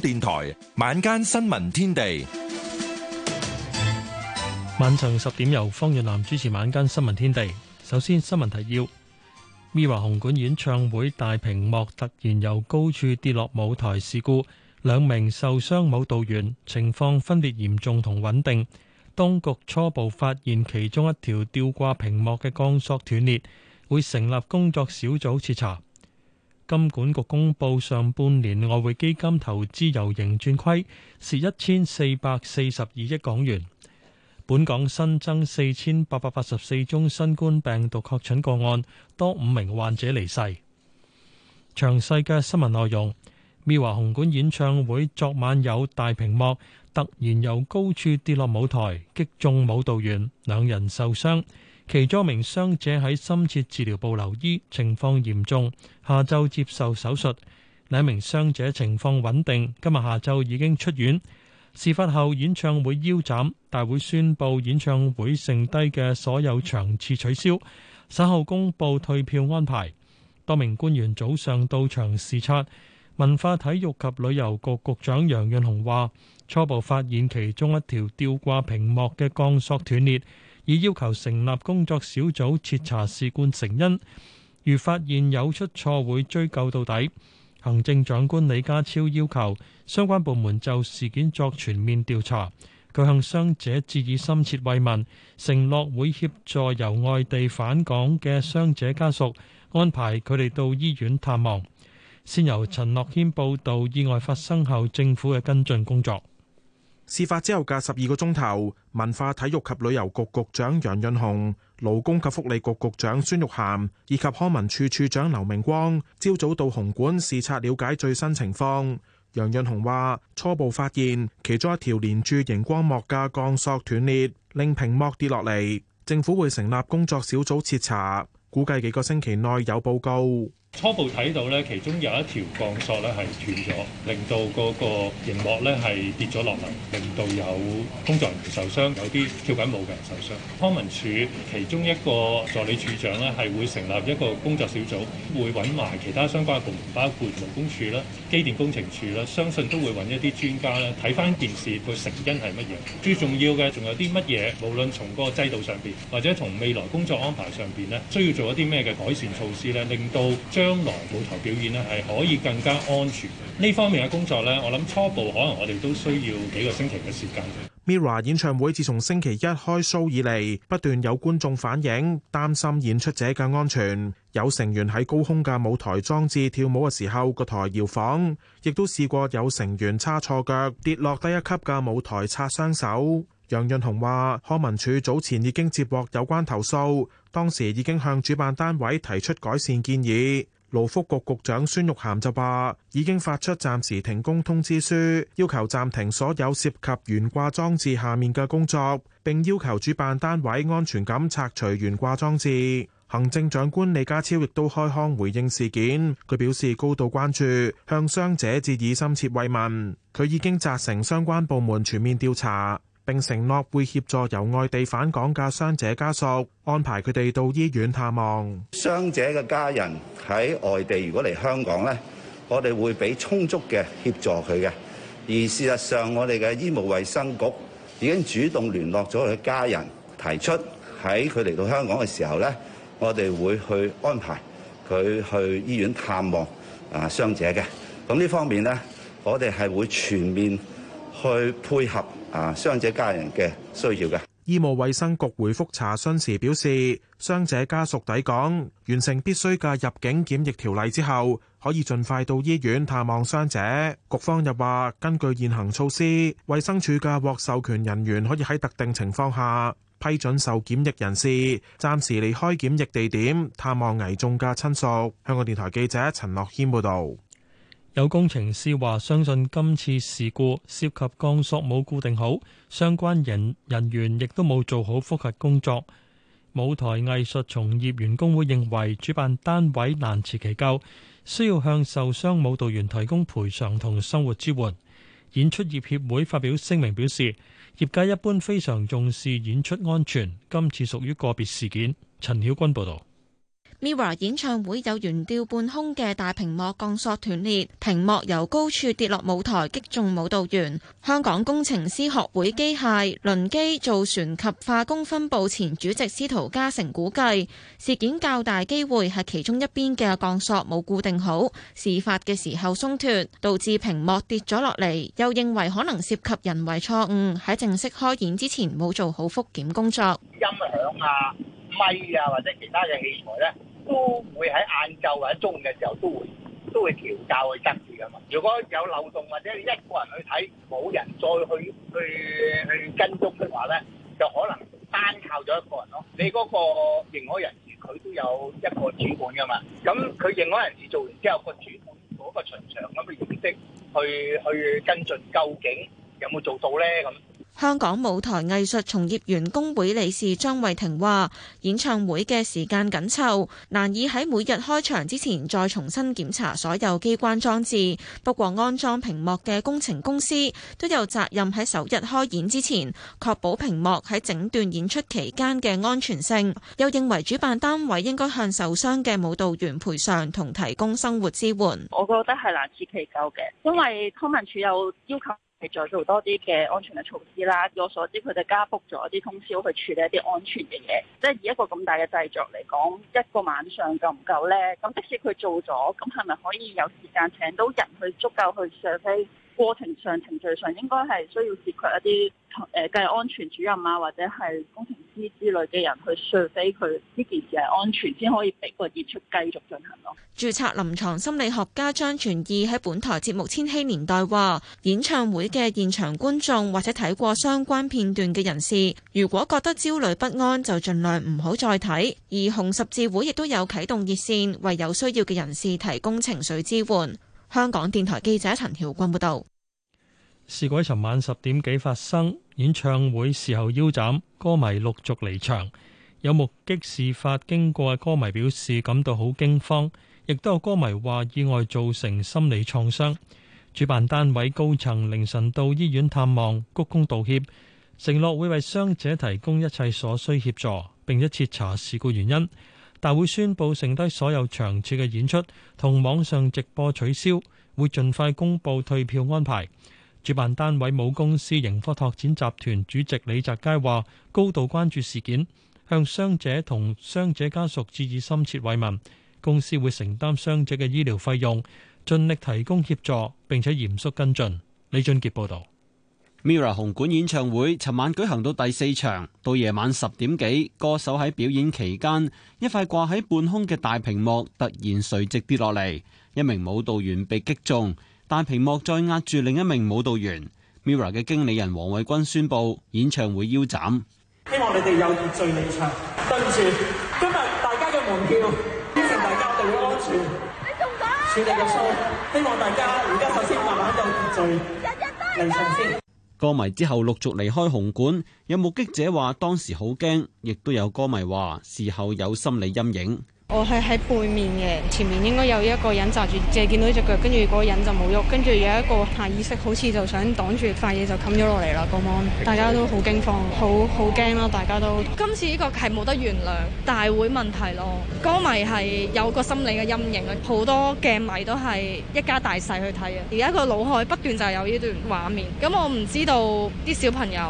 電台晚間新聞天地，晚上十點由方遠南主持晚間新聞天地。首先新聞提要：MIRROR 紅館演唱會大屏幕突然由高處跌落舞台事故，兩名受傷舞蹈員情況分別嚴重同穩定。當局初步發現其中一條吊掛屏幕嘅鋼索斷裂，會成立工作小組徹查。金管局公布上半年外匯基金投資由盈轉虧，是一千四百四十二億港元。本港新增四千八百八十四宗新冠病毒確診個案，多五名患者離世。詳細嘅新聞內容，MIRROR 紅館演唱會昨晚有大屏幕，突然由高處跌落舞台，擊中舞蹈員，兩人受傷。其中一名傷者喺深切治療部留醫，情況嚴重，下晝接受手術。兩名傷者情況穩定，今日下晝已經出院。事發後，演唱會腰斬，大會宣布演唱會剩低嘅所有場次取消，稍後公布退票安排。多名官員早上到場視察，文化體育及旅遊局局局長楊潤雄話：初步發現其中一條吊掛屏幕嘅鋼索斷裂。已要求成立工作小組徹查事故成因，如發現有出錯會追究到底。行政長官李家超要求相關部門就事件作全面調查。佢向傷者致以深切慰問，承諾會協助由外地返港嘅傷者家屬安排佢哋到醫院探望。先由陳樂軒報道意外發生後政府嘅跟進工作。事發之後嘅十二個鐘頭，文化體育及旅遊局局局長楊潤雄、勞工及福利局局長孫玉菡，以及康文署處長劉明光朝早到紅館視察，了解最新情況。楊潤雄話：初步發現其中一條連住熒光幕嘅鋼索斷裂，令屏幕跌落嚟。政府會成立工作小組徹查，估計幾個星期內有報告。初步睇到咧，其中有一條鋼索咧係斷咗，令到嗰個熒幕咧係跌咗落嚟，令到有工作人員受傷，有啲跳緊舞嘅人受傷。康文署其中一個助理處長咧係會成立一個工作小組，會揾埋其他相關嘅部門，包括勞工處啦、機電工程處啦，相信都會揾一啲專家咧睇翻件事個成因係乜嘢。最重要嘅仲有啲乜嘢？無論從個制度上邊，或者從未來工作安排上邊咧，需要做一啲咩嘅改善措施咧，令到將將來舞台表演呢係可以更加安全。呢方面嘅工作呢，我諗初步可能我哋都需要幾個星期嘅時間。Mira 演唱會自從星期一開 show 以嚟，不斷有觀眾反映擔心演出者嘅安全，有成員喺高空嘅舞台裝置跳舞嘅時候個台搖晃，亦都試過有成員差錯腳跌落低一級嘅舞台擦傷手。楊潤雄話，康文署早前已經接獲有關投訴，當時已經向主辦單位提出改善建議。勞福局局長孫玉菡就話，已經發出暫時停工通知書，要求暫停所有涉及懸掛裝置下面嘅工作，並要求主辦單位安全咁拆除懸掛裝置。行政長官李家超亦都開腔回應事件，佢表示高度關注，向傷者致以深切慰問。佢已經責成相關部門全面調查。並承諾會協助由外地返港嘅傷者家屬安排佢哋到醫院探望。傷者嘅家人喺外地，如果嚟香港咧，我哋會俾充足嘅協助佢嘅。而事實上，我哋嘅醫務衛生局已經主動聯絡咗佢嘅家人，提出喺佢嚟到香港嘅時候咧，我哋會去安排佢去醫院探望啊傷者嘅。咁呢方面咧，我哋係會全面去配合啊！傷者家人嘅需要嘅。醫務衛生局回覆查詢時表示，傷者家屬抵港完成必須嘅入境檢疫條例之後，可以盡快到醫院探望傷者。局方又話，根據現行措施，衛生署嘅獲授權人員可以喺特定情況下批准受檢疫人士暫時離開檢疫地點探望危重嘅親屬。香港電台記者陳樂謙報道。有工程師話：相信今次事故涉及鋼索冇固定好，相關人人員亦都冇做好複核工作。舞台藝術從業員工會認為主辦單位難辭其咎，需要向受傷舞蹈員提供賠償同生活支援。演出業協會發表聲明表示，業界一般非常重視演出安全，今次屬於個別事件。陳曉君報導。MIRROR 演唱會有懸吊半空嘅大屏幕鋼索斷裂，屏幕由高處跌落舞台，擊中舞蹈員。香港工程師學會機械輪機造船及化工分部前主席司徒嘉成估計，事件較大機會係其中一邊嘅鋼索冇固定好，事發嘅時候鬆脱，導致屏幕跌咗落嚟。又認為可能涉及人為錯誤，喺正式開演之前冇做好復檢工作。音響啊、咪啊，或者其他嘅器材咧，都會喺晏晝或者中午嘅時候都會都會調教去跟住噶嘛。如果有漏洞或者你一個人去睇，冇人再去去去，去跟蹤嘅話咧，就可能單靠咗一個人咯。你嗰個認可人士佢都有一個主管噶嘛，咁佢認可人士做完之後，個主管嗰個巡場咁嘅形式去去，去跟進，究竟有冇做到咧咁？香港舞台藝術從業員工會理事張慧婷話，演唱會嘅時間緊湊，難以喺每日開場之前再重新檢查所有機關裝置。不過安裝屏幕嘅工程公司都有責任喺首日開演之前，確保屏幕喺整段演出期間嘅安全性。又認為主辦單位應該向受傷嘅舞蹈員賠償同提供生活支援。我覺得係難辭其咎嘅，因為康文署有要求。再做多啲嘅安全嘅措施啦。據我所知，佢哋加 book 咗啲通宵去處理一啲安全嘅嘢。即係以一個咁大嘅製作嚟講，一個晚上夠唔夠咧？咁即使佢做咗，咁係咪可以有時間請到人去足夠去上飛？過程上、程序上應該係需要涉及一啲誒，例如、呃、安全主任啊，或者係工程師之類嘅人去掃非佢呢件事係安全，先可以俾個演出繼續進行咯。註冊臨床心理學家張傳義喺本台節目《千禧年代》話：演唱會嘅現場觀眾或者睇過相關片段嘅人士，如果覺得焦慮不安，就儘量唔好再睇。而紅十字會亦都有啟動熱線，為有需要嘅人士提供情緒支援。香港電台記者陳曉君報道，事故尋晚十點幾發生，演唱會事後腰斬，歌迷陸續離場。有目擊事發經過嘅歌迷表示感到好驚慌，亦都有歌迷話意外造成心理創傷。主辦單位高層凌晨到醫院探望，鞠躬道歉，承諾會為傷者提供一切所需協助，並一徹查事故原因，大會宣佈剩低所有場次嘅演出同網上直播取消，會盡快公布退票安排。主辦單位母公司盈科拓展集團主席李澤楷話高度關注事件，向傷者同傷者家屬致以深切慰問。公司會承擔傷者嘅醫療費用，盡力提供協助，並且嚴肅跟進，李俊傑報道。Mira 紅館演唱會尋晚舉行到第四場，到夜晚十點幾，歌手喺表演期間，一塊掛喺半空嘅大屏幕，突然垂直跌落嚟，一名舞蹈員被擊中，大屏幕再壓住另一名舞蹈員。Mirror 嘅經理人黃偉君宣布演唱會腰斬，希望你哋有秩序離場。對唔住，今日大家嘅門票，希望大家注意安全，你數你嘅數，希望大家而家首先慢慢有秩序離場先。人人歌迷之後陸續離開紅館，有目擊者話當時好驚，亦都有歌迷話事後有心理陰影。我係喺背面嘅，前面應該有一個人扎住，淨係見到呢隻腳，跟住嗰個人就冇喐，跟住有一個下意識好似就想擋住，塊嘢就冚咗落嚟啦，個 mon。大家都好驚慌，好好驚咯，大家都。今次呢個係冇得原諒，大會問題咯。歌迷係有個心理嘅陰影，好多鏡迷都係一家大細去睇啊，而家個腦海不斷就有呢段畫面，咁我唔知道啲小朋友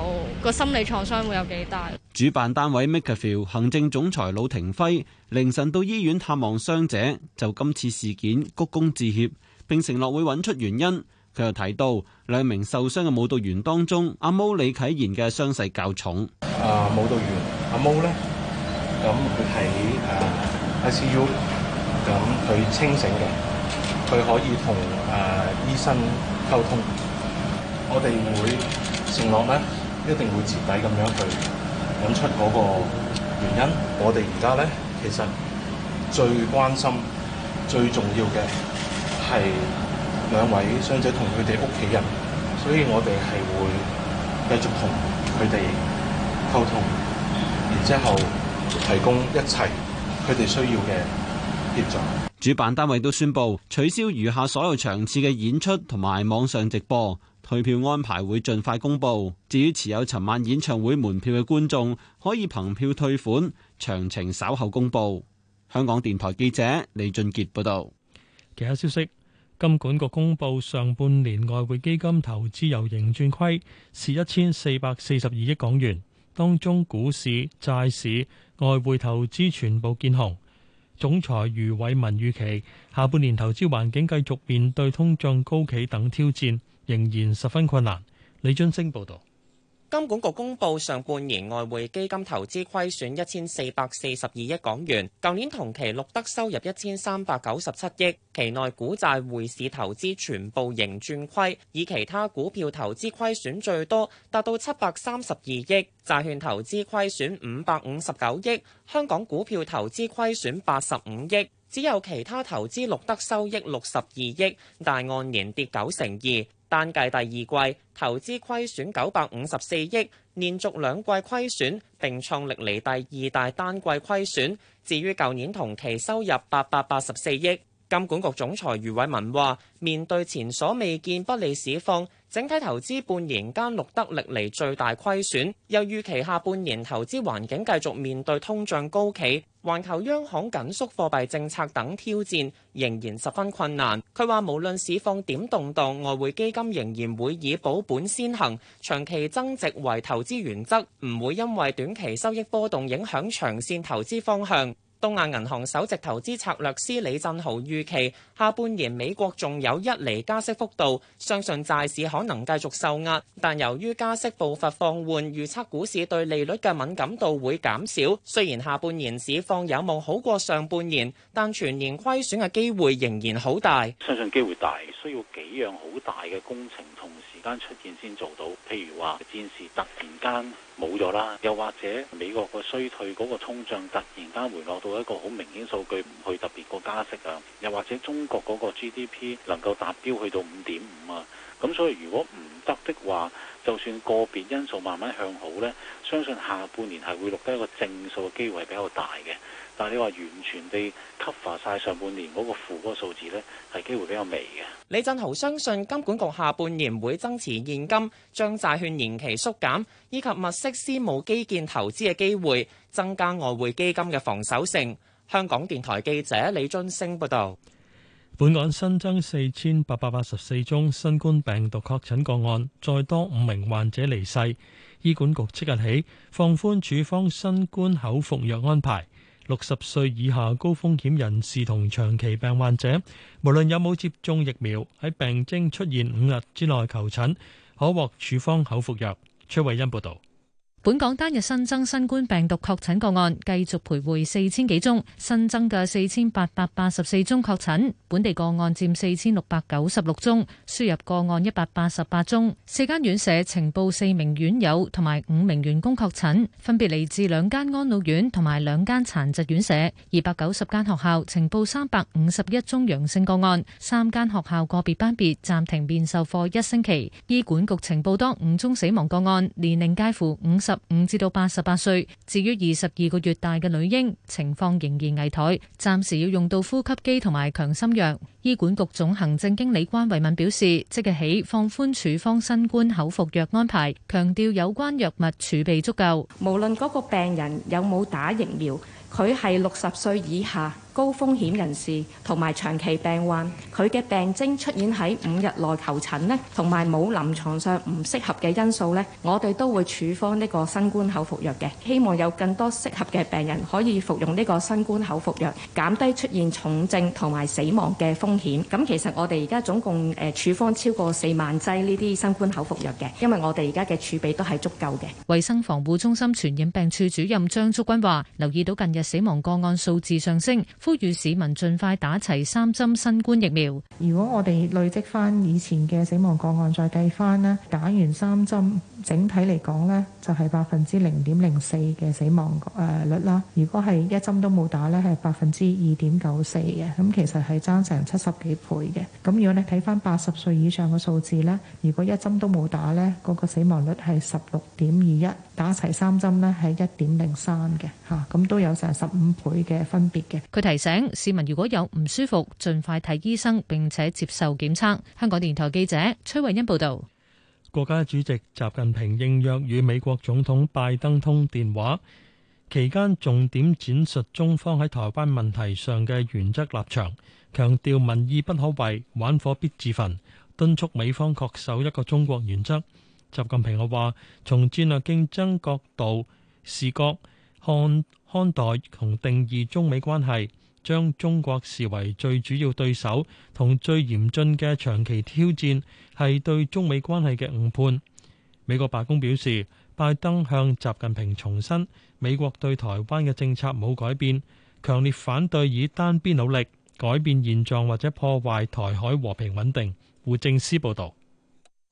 個心理創傷會有幾大。主辦單位 MakerVille 行政總裁魯庭暉凌晨到醫院探望傷者，就今次事件鞠躬致歉，並承諾會揾出原因。佢又提到兩名受傷嘅舞蹈員當中，阿 Mo 李啟言嘅傷勢較重。啊，舞蹈員阿 Mo 咧，咁佢喺誒 ICU，咁、嗯、佢清醒嘅，佢可以同誒、uh, 醫生溝通。我哋會承諾咧，一定會徹底咁樣去。揾出嗰個原因，我哋而家咧其實最關心、最重要嘅係兩位傷者同佢哋屋企人，所以我哋係會繼續同佢哋溝通，然之後提供一切佢哋需要嘅協助。主辦單位都宣布取消餘下所有場次嘅演出同埋網上直播。退票安排會盡快公布，至於持有尋晚演唱會門票嘅觀眾可以憑票退款，詳情稍後公布。香港電台記者李俊杰報道。其他消息，金管局公布上半年外匯基金投資由盈轉虧是一千四百四十二億港元。當中股市、債市、外匯投資全部見紅。總裁余偉文預期下半年投資環境繼續面對通脹高企等挑戰。仍然十分困難。李津升報道，金管局公佈上半年外匯基金投資虧損一千四百四十二億港元，舊年同期錄得收入一千三百九十七億。期內股債匯市投資全部盈轉虧，以其他股票投資虧損最多，達到七百三十二億；債券投資虧損五百五十九億；香港股票投資虧損八十五億，只有其他投資錄得收益六十二億，但按年跌九成二。單季第二季投資虧損九百五十四億，連續兩季虧損，並創歷嚟第二大單季虧損，至於舊年同期收入八百八十四億。金管局總裁余偉文話：面對前所未見不利市況，整體投資半年間錄得歷嚟最大虧損，又預期下半年投資環境繼續面對通脹高企、環球央行緊縮貨幣政策等挑戰，仍然十分困難。佢話：無論市況點動盪，外匯基金仍然會以保本先行、長期增值為投資原則，唔會因為短期收益波動影響長線投資方向。東亞銀行首席投資策略師李振豪預期，下半年美國仲有一厘加息幅度，相信債市可能繼續受壓。但由於加息步伐放緩，預測股市對利率嘅敏感度會減少。雖然下半年市況有望好過上半年，但全年虧損嘅機會仍然好大。相信機會大，需要幾樣好大嘅工程同。間出現先做到，譬如話戰事突然間冇咗啦，又或者美國個衰退嗰個通脹突然間回落到一個好明顯數據，唔去特別個加息啊，又或者中國嗰個 GDP 能夠達標去到五點五啊，咁所以如果唔得的話，就算個別因素慢慢向好呢，相信下半年係會錄得一個正數嘅機會係比較大嘅。但你話，完全被吸乏曬上半年嗰個負嗰個數字呢，係機會比較微嘅。李振豪相信金管局下半年會增持現金，將債券延期縮減，以及物色私募基建投資嘅機會，增加外匯基金嘅防守性。香港電台記者李津星報道。本港新增四千八百八十四宗新冠病毒確診個案，再多五名患者離世。醫管局即日起放寬處方新冠口服藥安排。六十歲以下高風險人士同長期病患者，無論有冇接種疫苗，喺病徵出現五日之內求診，可獲處方口服藥。崔慧欣報導。本港單日新增新冠病毒確診個案繼續徘徊四千幾宗，新增嘅四千八百八十四宗確診，本地個案佔四千六百九十六宗，輸入個案一百八十八宗。四間院舍呈報四名院友同埋五名員工確診，分別嚟自兩間安老院同埋兩間殘疾院舍。二百九十間學校呈報三百五十一宗陽性個案，三間學校個別班別暫停面授課一星期。醫管局呈報多五宗死亡個案，年齡介乎五十。五至到八十八歲，至於二十二個月大嘅女嬰，情況仍然危殆，暫時要用到呼吸機同埋強心藥。醫管局總行政經理關慧敏表示，即日起放寬處方新冠口服藥安排，強調有關藥物儲備足夠。無論嗰個病人有冇打疫苗，佢係六十歲以下，高風險人士同埋長期病患，佢嘅病徵出現喺五日內求診呢，同埋冇臨床上唔適合嘅因素呢，我哋都會處方呢個新冠口服藥嘅。希望有更多適合嘅病人可以服用呢個新冠口服藥，減低出現重症同埋死亡嘅風險。咁其實我哋而家總共誒處方超過四萬劑呢啲新冠口服藥嘅，因為我哋而家嘅儲備都係足夠嘅。衛生防護中心傳染病處主任張竹君話：留意到近日死亡個案數字上升。呼籲市民盡快打齊三針新冠疫苗。如果我哋累積翻以前嘅死亡個案，再計翻呢，打完三針。整體嚟講呢，就係百分之零點零四嘅死亡誒率啦。如果係一針都冇打呢，係百分之二點九四嘅。咁其實係爭成七十幾倍嘅。咁如果你睇翻八十歲以上嘅數字呢，如果一針都冇打呢嗰、嗰個死亡率係十六點二一，打齊三針呢係一點零三嘅。嚇、啊，咁都有成十五倍嘅分別嘅。佢提醒市民，如果有唔舒服，盡快睇醫生，並且接受檢測。香港電台記者崔慧欣報道。國家主席習近平應約與美國總統拜登通電話，期間重點展述中方喺台灣問題上嘅原則立場，強調民意不可違，玩火必自焚，敦促美方恪守一個中國原則。習近平又話：從戰略競爭角度視角看看待同定義中美關係。將中國視為最主要對手同最嚴峻嘅長期挑戰，係對中美關係嘅誤判。美國白宮表示，拜登向習近平重申，美國對台灣嘅政策冇改變，強烈反對以單邊努力改變現狀或者破壞台海和平穩定。胡正思報道。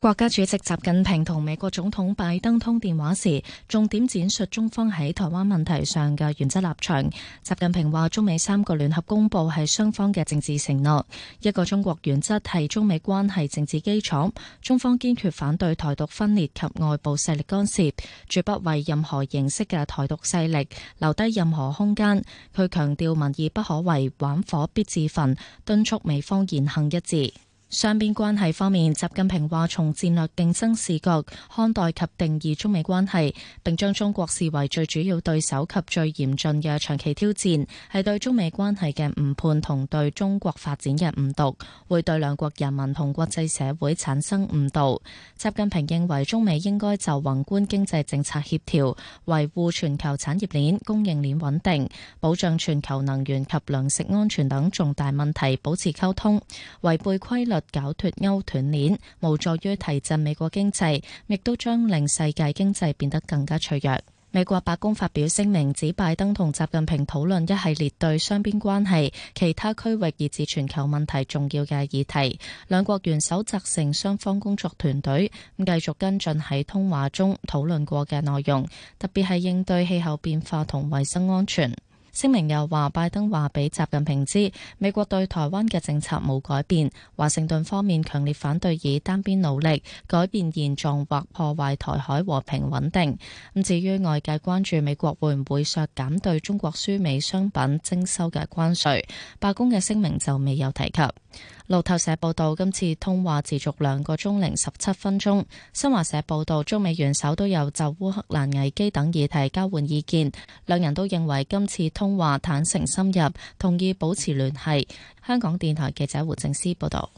國家主席習近平同美國總統拜登通電話時，重點闡述中方喺台灣問題上嘅原則立場。習近平話，中美三個聯合公報係雙方嘅政治承諾，一個中國原則係中美關係政治基礎。中方堅決反對台獨分裂及外部勢力干涉，絕不為任何形式嘅台獨勢力留低任何空間。佢強調民意不可違，玩火必自焚，敦促美方言行一致。雙邊關係方面，習近平話從戰略競爭視角看待及定義中美關係，並將中國視為最主要對手及最嚴峻嘅長期挑戰，係對中美關係嘅誤判同對中國發展嘅誤讀，會對兩國人民同國際社會產生誤導。習近平認為中美應該就宏觀經濟政策協調、維護全球產業鏈供應鏈穩定、保障全球能源及糧食安全等重大問題保持溝通，違背規律。搞脱歐斷鏈，無助於提振美國經濟，亦都將令世界經濟變得更加脆弱。美國白宮發表聲明，指拜登同習近平討論一系列對雙邊關係、其他區域以至全球問題重要嘅議題。兩國元首責成雙方工作團隊繼續跟進喺通話中討論過嘅內容，特別係應對氣候變化同衛生安全。聲明又話，拜登話俾習近平知，美國對台灣嘅政策冇改變。華盛頓方面強烈反對以單邊努力改變現狀或破壞台海和平穩定。咁至於外界關注美國會唔會削減對中國輸美商品徵收嘅關稅，白宮嘅聲明就未有提及。路透社報道，今次通話持續兩個鐘零十七分鐘。新華社報道，中美元首都有就烏克蘭危機等議題交換意見，兩人都認為今次通話坦誠深入，同意保持聯繫。香港電台記者胡正思報道。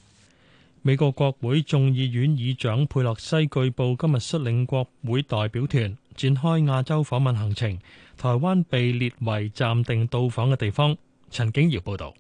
美國國會眾議院議長佩洛西據報今日率領國會代表團展開亞洲訪問行程，台灣被列為暫定到訪嘅地方。陳景瑤報道。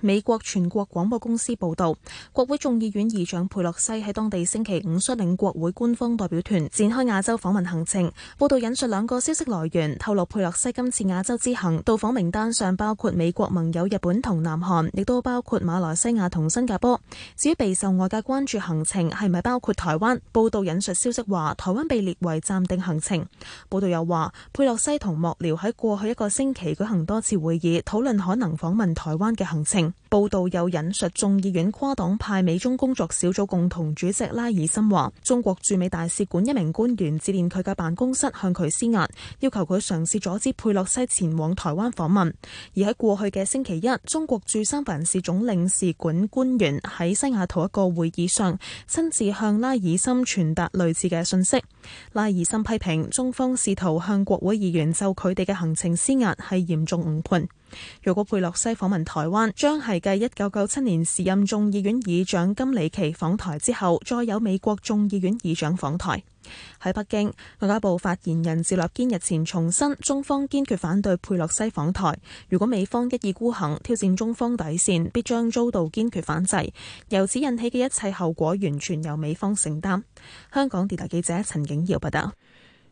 美國全國廣播公司報道，國會眾議院議長佩洛西喺當地星期五率領國會官方代表團展開亞洲訪問行程。報道引述兩個消息來源透露，佩洛西今次亞洲之行到訪名單上包括美國盟友日本同南韓，亦都包括馬來西亞同新加坡。至於備受外界關注行程係咪包括台灣？報道引述消息話，台灣被列為暫定行程。報道又話，佩洛西同幕僚喺過去一個星期舉行多次會議，討論可能訪問台灣嘅行程。報道又引述眾議院跨黨派美中工作小組共同主席拉爾森話：中國駐美大使館一名官員致電佢嘅辦公室向佢施壓，要求佢嘗試阻止佩洛西前往台灣訪問。而喺過去嘅星期一，中國駐三藩市總領事館官員喺西雅圖一個會議上，親自向拉爾森傳達類似嘅信息。拉爾森批評中方試圖向國會議員就佢哋嘅行程施壓係嚴重誤判。如果佩洛西訪問台灣，將係繼一九九七年時任眾議院議長金里奇訪台之後，再有美國眾議院議長訪台。喺北京，外交部發言人趙立堅日前重申，中方堅決反對佩洛西訪台。如果美方一意孤行挑戰中方底線，必將遭到堅決反制。由此引起嘅一切後果，完全由美方承擔。香港電台記者陳景耀報道。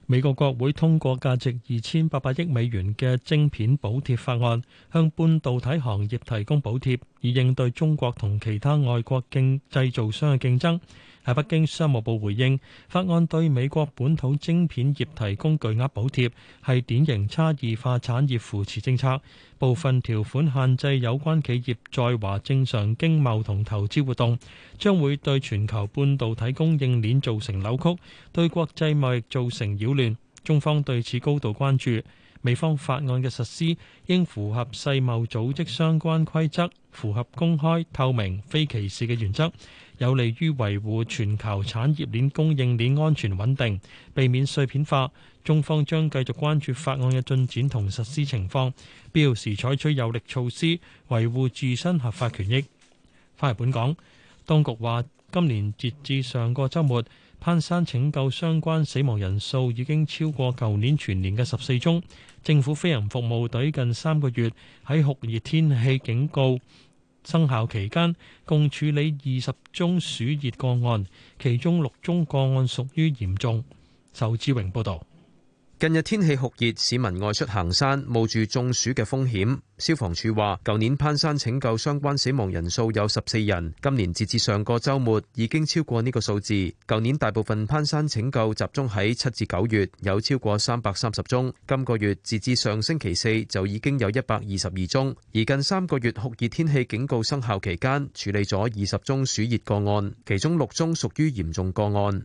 美國國會通過價值二千八百億美元嘅晶片補貼法案，向半導體行業提供補貼，以應對中國同其他外國製造商嘅競爭。喺北京，商務部回應法案對美國本土晶片業提供巨額補貼，係典型差異化產業扶持政策。部分條款限制有關企業在華正常經貿同投資活動，將會對全球半導體供應鏈造成扭曲，對國際貿易造成擾亂。中方對此高度關注。美方法案嘅實施應符合世貿組織相關規則，符合公開、透明、非歧視嘅原則。有利於維護全球產業鏈供應鏈安全穩定，避免碎片化。中方將繼續關注法案嘅進展同實施情況，必要時採取有力措施維護自身合法權益。翻嚟本港，當局話今年截至上個周末，攀山拯救相關死亡人數已經超過舊年全年嘅十四宗。政府飛行服務隊近三個月喺酷熱天氣警告。生效期間，共處理二十宗暑熱個案，其中六宗個案屬於嚴重。仇志榮報導。近日天氣酷熱，市民外出行山，冒住中暑嘅風險，消防處話，舊年攀山拯救相關死亡人數有十四人，今年截至上個周末已經超過呢個數字。舊年大部分攀山拯救集中喺七至九月，有超過三百三十宗。今個月截至上星期四，就已經有一百二十二宗。而近三個月酷熱天氣警告生效期間，處理咗二十宗暑熱個案，其中六宗屬於嚴重個案。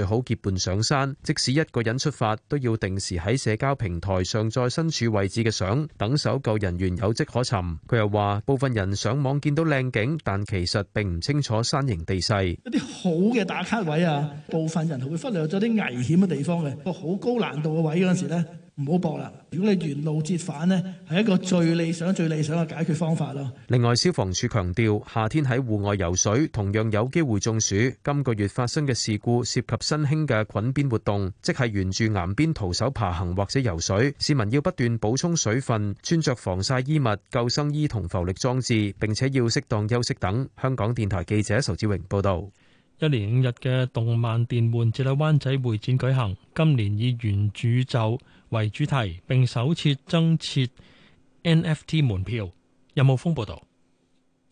最好結伴上山，即使一個人出發，都要定時喺社交平台上載身處位置嘅相，等搜救人員有迹可尋。佢又話，部分人上網見到靚景，但其實並唔清楚山形地勢。一啲好嘅打卡位啊，部分人會忽略咗啲危險嘅地方嘅，個好高難度嘅位嗰陣時咧。唔好搏啦！如果你沿路折返呢，係一個最理想、最理想嘅解決方法咯。另外，消防處強調，夏天喺戶外游水同樣有機會中暑。今個月發生嘅事故涉及新興嘅滾邊活動，即係沿住岩邊徒手爬行或者游水。市民要不斷補充水分，穿着防曬衣物、救生衣同浮力裝置，並且要適當休息等。香港電台記者仇志榮報道，一連五日嘅動漫電玩節喺灣仔會展舉行，今年以原主就。為主題，並首次增設 NFT 門票，任浩峯報道。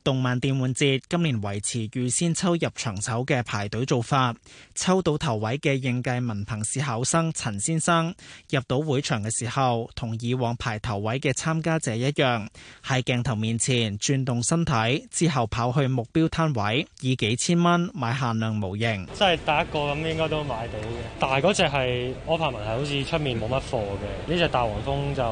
動漫電玩節今年維持預先抽入場籌嘅排隊做法，抽到頭位嘅應屆文憑試考生陳先生入到會場嘅時候，同以往排頭位嘅參加者一樣，喺鏡頭面前轉動身體，之後跑去目標攤位，以幾千蚊買限量模型。即係第一個咁應該都買到嘅，但係嗰隻係我拍文係好似出面冇乜貨嘅呢隻大黃蜂就。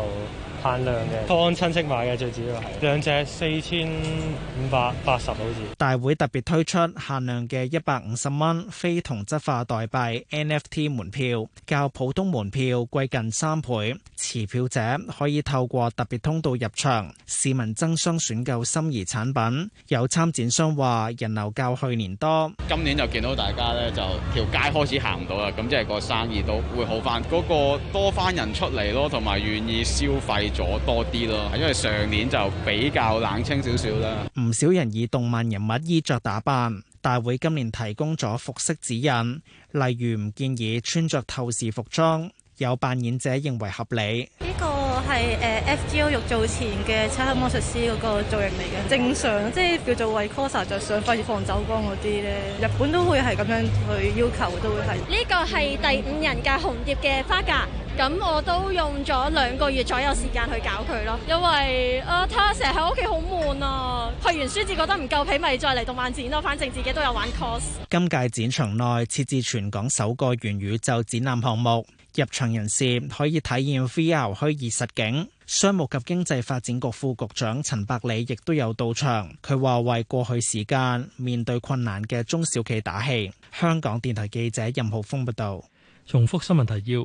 限量嘅，當親戚買嘅最主要係兩隻四千五百八十毫子。好似。大會特別推出限量嘅一百五十蚊非同質化代幣 NFT 門票，較普通門票貴近三倍。持票者可以透過特別通道入場。市民爭相選購心儀產品，有參展商話人流較去年多。今年就見到大家咧，就條街開始行到啦，咁即係個生意都會好翻。嗰、嗰個多翻人出嚟咯，同埋願意消費。咗多啲咯，因為上年就比較冷清少少啦。唔少人以動漫人物衣着打扮，大會今年提供咗服飾指引，例如唔建議穿着透視服裝。有扮演者認為合理。呢個係誒 FGO 肉造前嘅漆黑魔術師嗰個造型嚟嘅，正常即係叫做為 coser 著上花月放走光嗰啲咧，日本都會係咁樣去要求，都會係。呢個係第五人格紅蝶嘅花嫁。咁我都用咗兩個月左右時間去搞佢咯，因為啊，睇下成日喺屋企好悶啊。去完書字覺得唔夠皮，咪再嚟動漫展咯。反正自己都有玩 cos。今屆展場內設置全港首個元宇宙展覽項目，入場人士可以體驗 VR e l 虛擬實境。商務及經濟發展局副局長陳百里亦都有到場，佢話為過去時間面對困難嘅中小企打氣。香港電台記者任浩峰報道。重複新聞提要。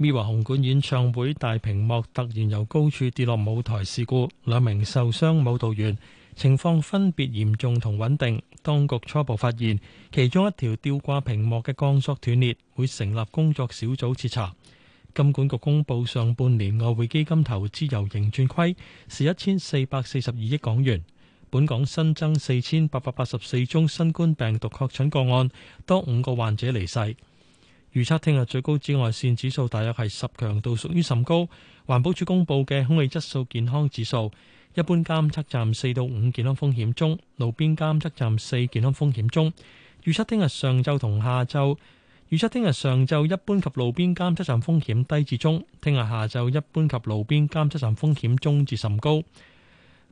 Mirror 紅館演唱會大屏幕，突然由高處跌落舞台事故，兩名受傷舞蹈員情況分別嚴重同穩定。當局初步發現其中一條吊掛屏幕嘅鋼索斷裂，會成立工作小組徹查。金管局公布上半年外匯基金投資由盈轉虧，是一千四百四十二億港元。本港新增四千八百八十四宗新冠病毒確診個案，多五個患者離世。預測聽日最高紫外線指數大約係十，強度屬於甚高。環保署公布嘅空氣質素健康指數，一般監測站四到五，健康風險中；路邊監測站四，健康風險中。預測聽日上晝同下晝，預測聽日上晝一般及路邊監測站風險低至中；聽日下晝一般及路邊監測站風險中至甚高。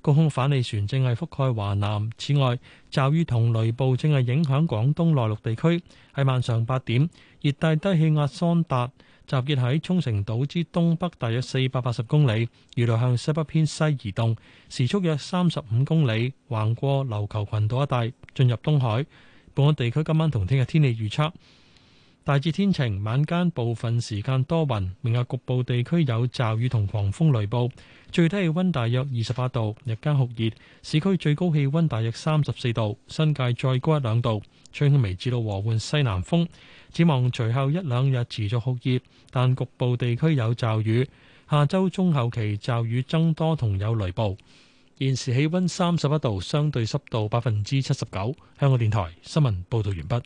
高空反氣旋正係覆蓋華南，此外驟雨同雷暴正係影響廣東內陸地區。喺晚上八點，熱帶低氣壓桑達集結喺沖繩島之東北大約四百八十公里，預料向西北偏西移動，時速約三十五公里，橫過琉球群島一帶，進入東海。本港地區今晚同聽日天氣預測。大致天晴，晚間部分時間多雲，明日局部地區有驟雨同狂風雷暴。最低氣溫大約二十八度，日間酷熱，市區最高氣溫大約三十四度，新界再高一兩度。吹輕微至到和緩西南風，展望隨後一兩日持續酷熱，但局部地區有驟雨。下周中後期驟雨增多同有雷暴。現時氣溫三十一度，相對濕度百分之七十九。香港電台新聞報道完畢。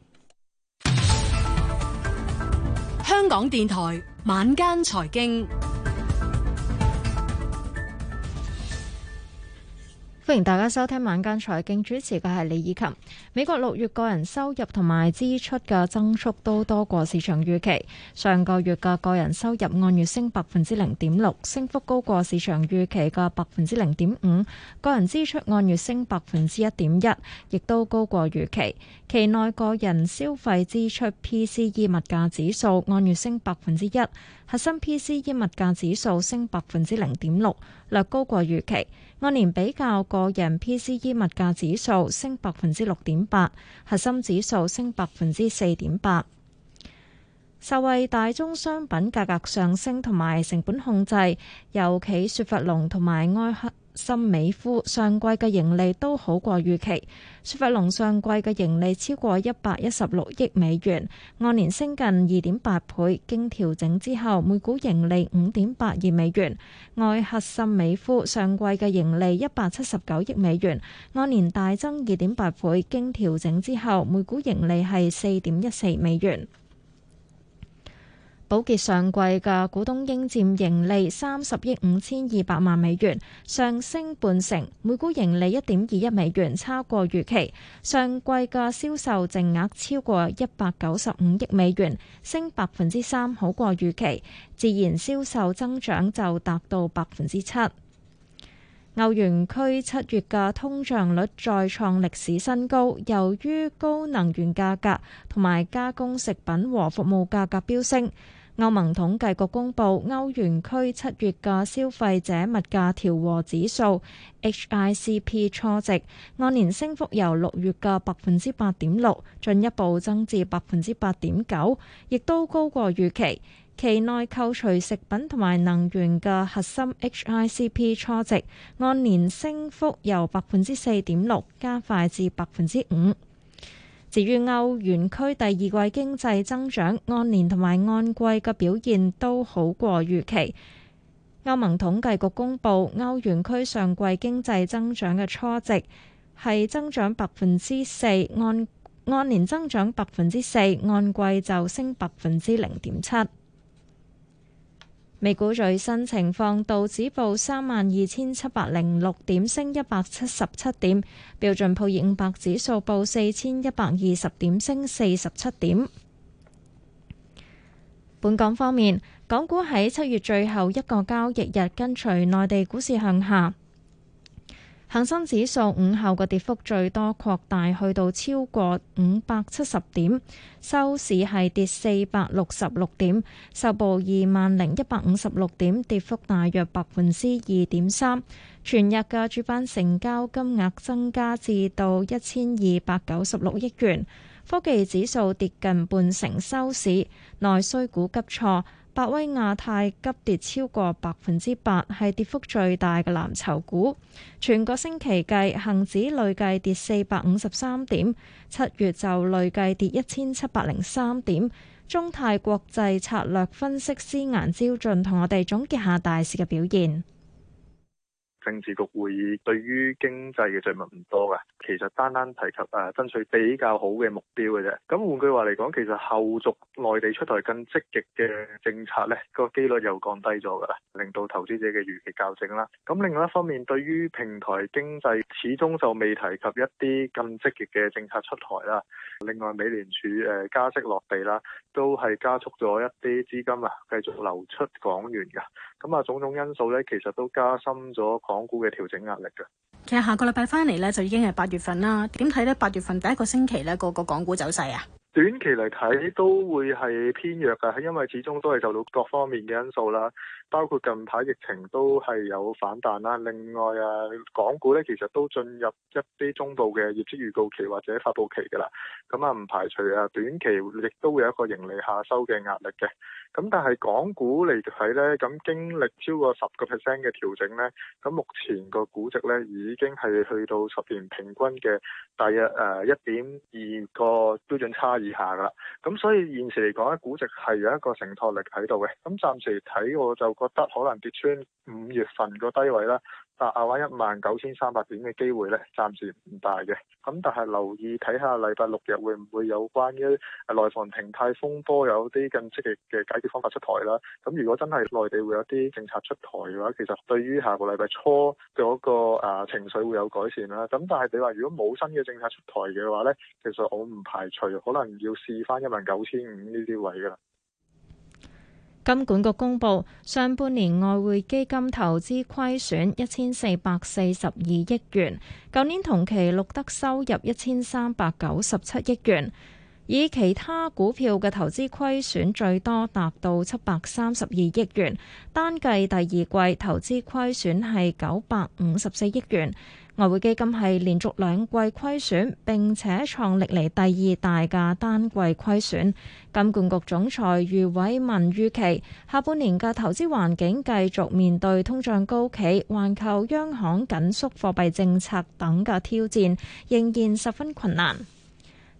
香港電台晚間財經。歡迎大家收聽晚間財經，主持嘅係李以琴。美國六月個人收入同埋支出嘅增速都多過市場預期。上個月嘅個人收入按月升百分之零點六，升幅高過市場預期嘅百分之零點五。個人支出按月升百分之一點一，亦都高過預期。期內個人消費支出 PCE 物價指數按月升百分之一，核心 PCE 物價指數升百分之零點六，略高過預期。按年比較，個人 PCE 物價指數升百分之六點八，核心指數升百分之四點八。受惠大宗商品價格上升同埋成本控制，尤其雪佛龍同埋埃克森美孚上季嘅盈利都好過預期，雪佛龍上季嘅盈利超過一百一十六億美元，按年升近二點八倍，經調整之後每股盈利五點八二美元。愛克森美孚上季嘅盈利一百七十九億美元，按年大增二點八倍，經調整之後每股盈利係四點一四美元。寶潔上季嘅股東應占盈利三十億五千二百萬美元，上升半成，每股盈利一點二一美元，超過預期。上季嘅銷售淨額超過一百九十五億美元，升百分之三，好過預期，自然銷售增長就達到百分之七。歐元區七月嘅通脹率再創歷史新高，由於高能源價格同埋加工食品和服務價格飆升。歐盟統計局公布歐元區七月嘅消費者物價調和指數 （HICP） 初值，按年升幅由六月嘅百分之八點六進一步增至百分之八點九，亦都高過預期。期內扣除食品同埋能源嘅核心 HICP 初值，按年升幅由百分之四點六加快至百分之五。至於歐元區第二季經濟增長，按年同埋按季嘅表現都好過預期。歐盟統計局公布歐元區上季經濟增長嘅初值，係增長百分之四，按按年增長百分之四，按季就升百分之零點七。美股最新情況，道指報三萬二千七百零六點，升一百七十七點；標準普爾五百指數報四千一百二十點，升四十七點。本港方面，港股喺七月最後一個交易日，跟隨內地股市向下。恒生指數午後嘅跌幅最多擴大去到超過五百七十點，收市係跌四百六十六點，收報二萬零一百五十六點，跌幅大約百分之二點三。全日嘅主板成交金額增加至到一千二百九十六億元。科技指數跌近半成，收市內需股急挫。百威亞太急跌超過百分之八，係跌幅最大嘅藍籌股。全個星期計，恒指累計跌四百五十三點，七月就累計跌一千七百零三點。中泰國際策略分析師顏招俊同我哋總結下大市嘅表現。政治局會議對於經濟嘅議物唔多嘅，其實單單提及誒爭取比較好嘅目標嘅啫。咁換句話嚟講，其實後續內地出台更積極嘅政策咧，個機率又降低咗㗎啦，令到投資者嘅預期校正啦。咁另外一方面，對於平台經濟始終就未提及一啲更積極嘅政策出台啦。另外，美聯儲誒加息落地啦。都係加速咗一啲資金啊，繼續流出港元嘅，咁啊，種種因素咧，其實都加深咗港股嘅調整壓力嘅。其實下個禮拜返嚟咧，就已經係八月份啦。點睇咧？八月份第一個星期咧，個個港股走勢啊？短期嚟睇都會係偏弱嘅，係因為始終都係受到各方面嘅因素啦。包括近排疫情都係有反彈啦，另外啊，港股咧其實都進入一啲中報嘅業績預告期或者發佈期嘅啦，咁啊唔排除啊短期亦都會有一個盈利下收嘅壓力嘅，咁但係港股嚟睇咧，咁經歷超過十個 percent 嘅調整咧，咁目前個估值咧已經係去到十年平均嘅大約誒一點二個標準差以下㗎啦，咁所以現時嚟講咧，估值係有一個承托力喺度嘅，咁暫時睇我就。覺得可能跌穿五月份個低位啦，但係亞穩一萬九千三百點嘅機會咧，暫時唔大嘅。咁、嗯、但係留意睇下禮拜六日會唔會有關於內房停貸風波有啲更積極嘅解決方法出台啦。咁、嗯、如果真係內地會有啲政策出台嘅話，其實對於下個禮拜初嗰個誒情緒會有改善啦。咁、嗯、但係你話如果冇新嘅政策出台嘅話咧，其實我唔排除可能要試翻一萬九千五呢啲位噶啦。金管局公布，上半年外匯基金投資虧損一千四百四十二億元，舊年同期錄得收入一千三百九十七億元。以其他股票嘅投資虧損最多達到七百三十二億元，單計第二季投資虧損係九百五十四億元。外匯基金係連續兩季虧損，並且創歷嚟第二大嘅單季虧損。金管局總裁余偉文預期下半年嘅投資環境繼續面對通脹高企、環球央行緊縮貨幣政策等嘅挑戰，仍然十分困難。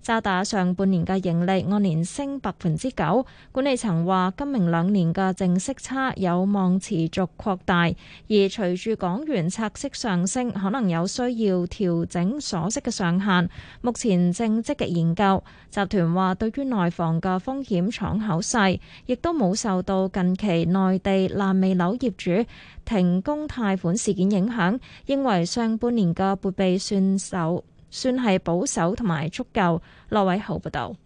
渣打上半年嘅盈利按年升百分之九，管理層話今明兩年嘅淨息差有望持續擴大，而隨住港元拆息上升，可能有需要調整鎖息嘅上限，目前正積極研究。集團話對於內房嘅風險敞口細，亦都冇受到近期內地爛尾樓業主停工貸款事件影響，認為上半年嘅撥備算數算係保守同埋足夠。羅偉豪報道。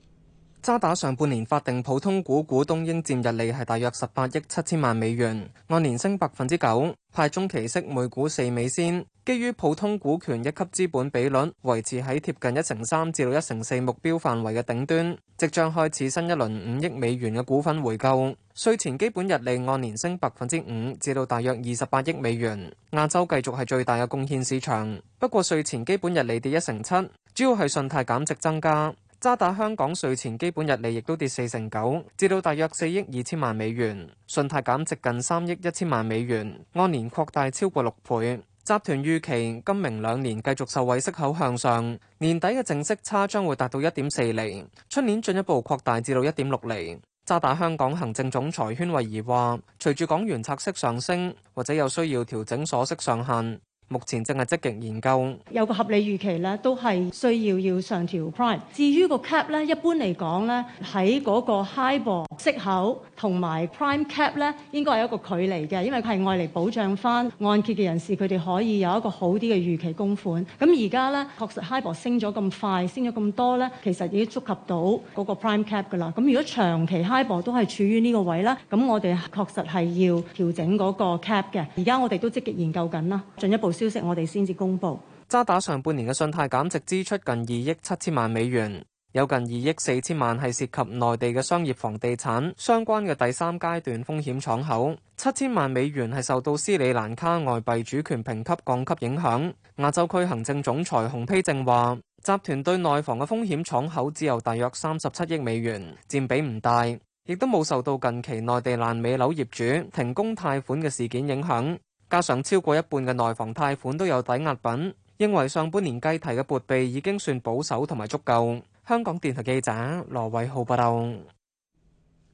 渣打上半年法定普通股股東應佔溢利係大約十八億七千萬美元，按年升百分之九，派中期息每股四美仙，基於普通股權一級資本比率維持喺貼近一成三至到一成四目標範圍嘅頂端，即將開始新一輪五億美元嘅股份回購。稅前基本溢利按年升百分之五至到大約二十八億美元，亞洲繼續係最大嘅貢獻市場，不過稅前基本溢利跌一成七，主要係信貸減值增加。渣打香港稅前基本日利亦都跌四成九，至到大約四億二千萬美元，信貸減值近三億一千萬美元，按年擴大超過六倍。集團預期今明兩年繼續受惠息口向上，年底嘅淨息差將會達到一點四厘，出年進一步擴大至到一點六厘。渣打香港行政總裁圈惠儀話：隨住港元拆息上升，或者有需要調整鎖息上限。目前正係積極研究，有個合理預期咧，都係需要要上調 prime。至於個 cap 咧，一般嚟講咧，喺嗰個 HIBOR 息口同埋 prime cap 咧，應該係一個距離嘅，因為係外嚟保障翻按揭嘅人士佢哋可以有一個好啲嘅預期供款。咁而家咧，確實 HIBOR 升咗咁快，升咗咁多咧，其實已經觸及到嗰個 prime cap 㗎啦。咁如果長期 HIBOR 都係處於呢個位啦，咁我哋確實係要調整嗰個 cap 嘅。而家我哋都積極研究緊啦，進一步，消息我哋先至公布。渣打上半年嘅信貸減值支出近二億七千萬美元，有近二億四千萬係涉及內地嘅商業房地產相關嘅第三階段風險敞口，七千萬美元係受到斯里蘭卡外幣主權評級降級影響。亞洲區行政總裁洪丕正話：集團對內房嘅風險敞口只有大約三十七億美元，佔比唔大，亦都冇受到近期內地爛尾樓業主停工貸款嘅事件影響。加上超過一半嘅內房貸款都有抵押品，認為上半年計提嘅撥備已經算保守同埋足夠。香港電台記者羅偉浩報道。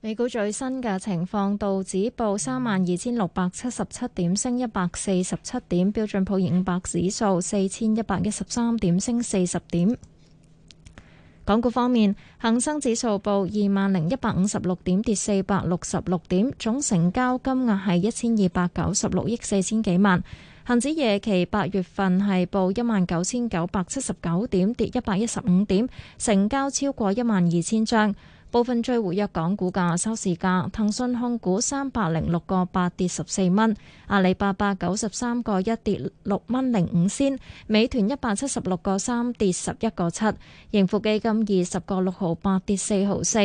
美股最新嘅情況，道指報三萬二千六百七十七點，升一百四十七點；標準普爾五百指數四千一百一十三點，升四十點。港股方面，恒生指數報二萬零一百五十六點，跌四百六十六點，總成交金額係一千二百九十六億四千幾萬。恒指夜期八月份係報一萬九千九百七十九點，跌一百一十五點，成交超過一萬二千張。部分最活躍港股價收市價，騰訊控股三百零六個八跌十四蚊，阿里巴巴九十三個一跌六蚊零五仙，美團一百七十六個三跌十一個七，盈富基金二十個六毫八跌四毫四，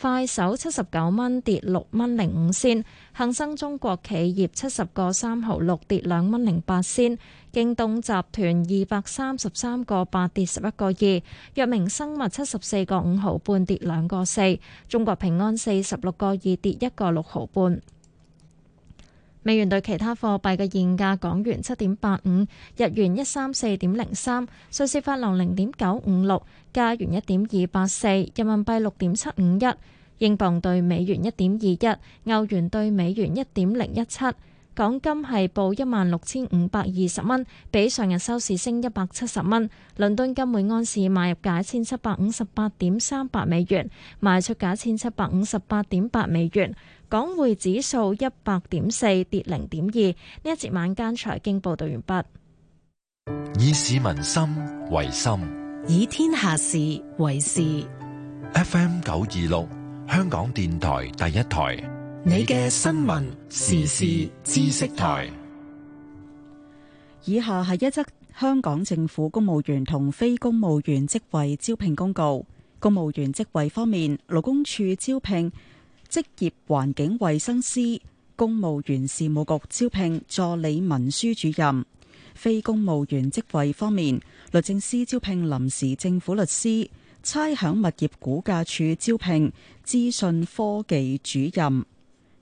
快手七十九蚊跌六蚊零五仙，恒生中國企業七十個三毫六跌兩蚊零八仙。京東集團二百三十三個八跌十一個二，藥明生物七十四個五毫半跌兩個四，中國平安四十六個二跌一個六毫半。美元對其他貨幣嘅現價：港元七點八五，日元一三四點零三，瑞士法郎零點九五六，加元一點二八四，人民幣六點七五一，英鎊兌美元一點二一，歐元兌美元一點零一七。港金係報一萬六千五百二十蚊，比上日收市升一百七十蚊。倫敦金每安士買入價一千七百五十八點三八美元，賣出價一千七百五十八點八美元。港匯指數一百點四跌零點二。呢一節晚間財經報道完畢。以市民心為心，以天下事為事。FM 九二六，香港電台第一台。你嘅新聞時事知識台以下係一則香港政府公務員同非公務員職位招聘公告。公務員職位方面，勞工處招聘職業環境衛生師；公務員事務局招聘助理文書主任。非公務員職位方面，律政司招聘臨時政府律師，差餉物業估價署招聘資訊科技主任。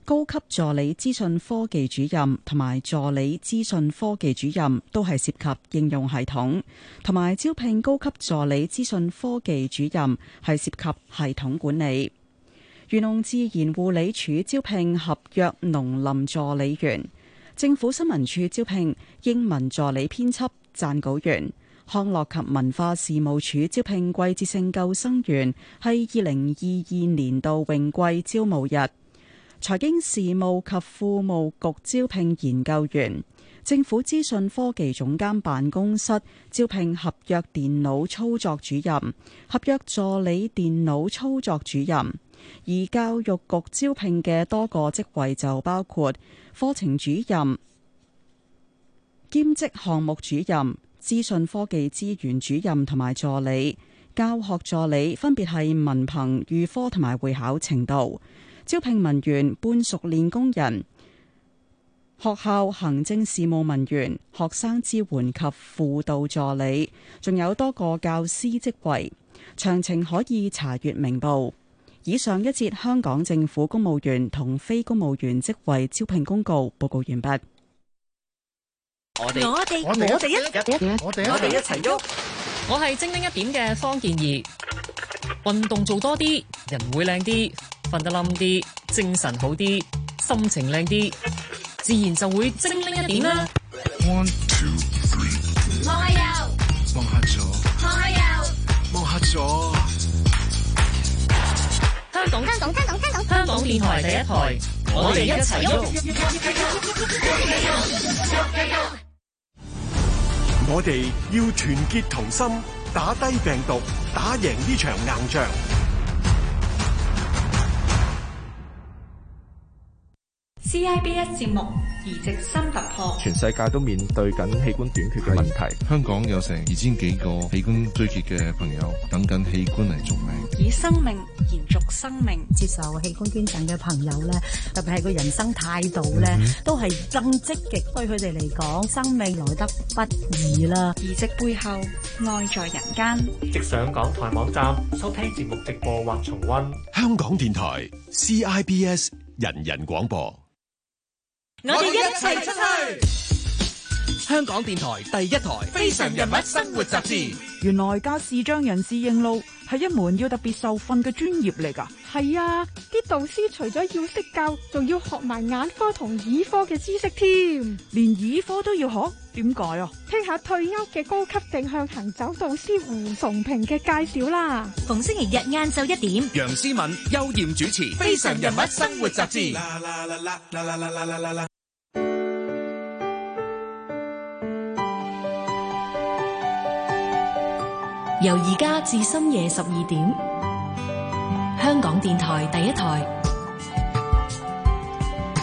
高級助理資訊科技主任同埋助理資訊科技主任都係涉及應用系統，同埋招聘高級助理資訊科技主任係涉及系統管理。漁農自然護理署招聘合約農林助理員，政府新聞處招聘英文助理編輯撰稿員，康樂及文化事務署招聘季節性救生員，係二零二二年度泳季招募日。財經事務及庫務局招聘研究員，政府資訊科技總監辦公室招聘合約電腦操作主任、合約助理電腦操作主任，而教育局招聘嘅多個職位就包括課程主任、兼職項目主任、資訊科技資源主任同埋助理、教學助理，分別係文憑、預科同埋會考程度。招聘文員、半熟練工人、學校行政事務文員、學生支援及輔導助理、仲有多個教師職位，詳情可以查閱明報。以上一節香港政府公務員同非公務員職位招聘公告，報告完畢。我哋我哋一我哋一我哋一齊喐。我係精靈一點嘅方健儀，運動做多啲，人會靚啲，瞓得冧啲，精神好啲，心情靚啲，自然就會精靈一點啦。One two three，望下右，望下左，望下右，望下左。香港香港香港香港，香港電台第一台，我哋一齊喐。我哋要團結同心，打低病毒，打贏呢場硬仗。CIBS 節目。移植新突破，全世界都面對緊器官短缺嘅問題。香港有成二千幾個器官衰竭嘅朋友等緊器官嚟續命，以生命延續生命。接受器官捐贈嘅朋友咧，特別係個人生態度咧，都係更積極。對佢哋嚟講，生命來得不易啦。移植背後愛在人間。直上港台網站收聽節目直播或重溫香港電台 CIBS 人人人廣播。我哋一齊出去。香港電台第一台《非常人物生活雜誌》原來教視障人士認路係一門要特別受訓嘅專業嚟噶。係啊，啲導師除咗要識教，仲要學埋眼科同耳科嘅知識添。連耳科都要學？點解啊？聽下退休嘅高級定向行走導師胡崇平嘅介紹啦。逢星期日晏晝一點，楊思敏、邱艷主持《非常人物生活雜誌》。由而家至深夜十二點，香港電台第一台。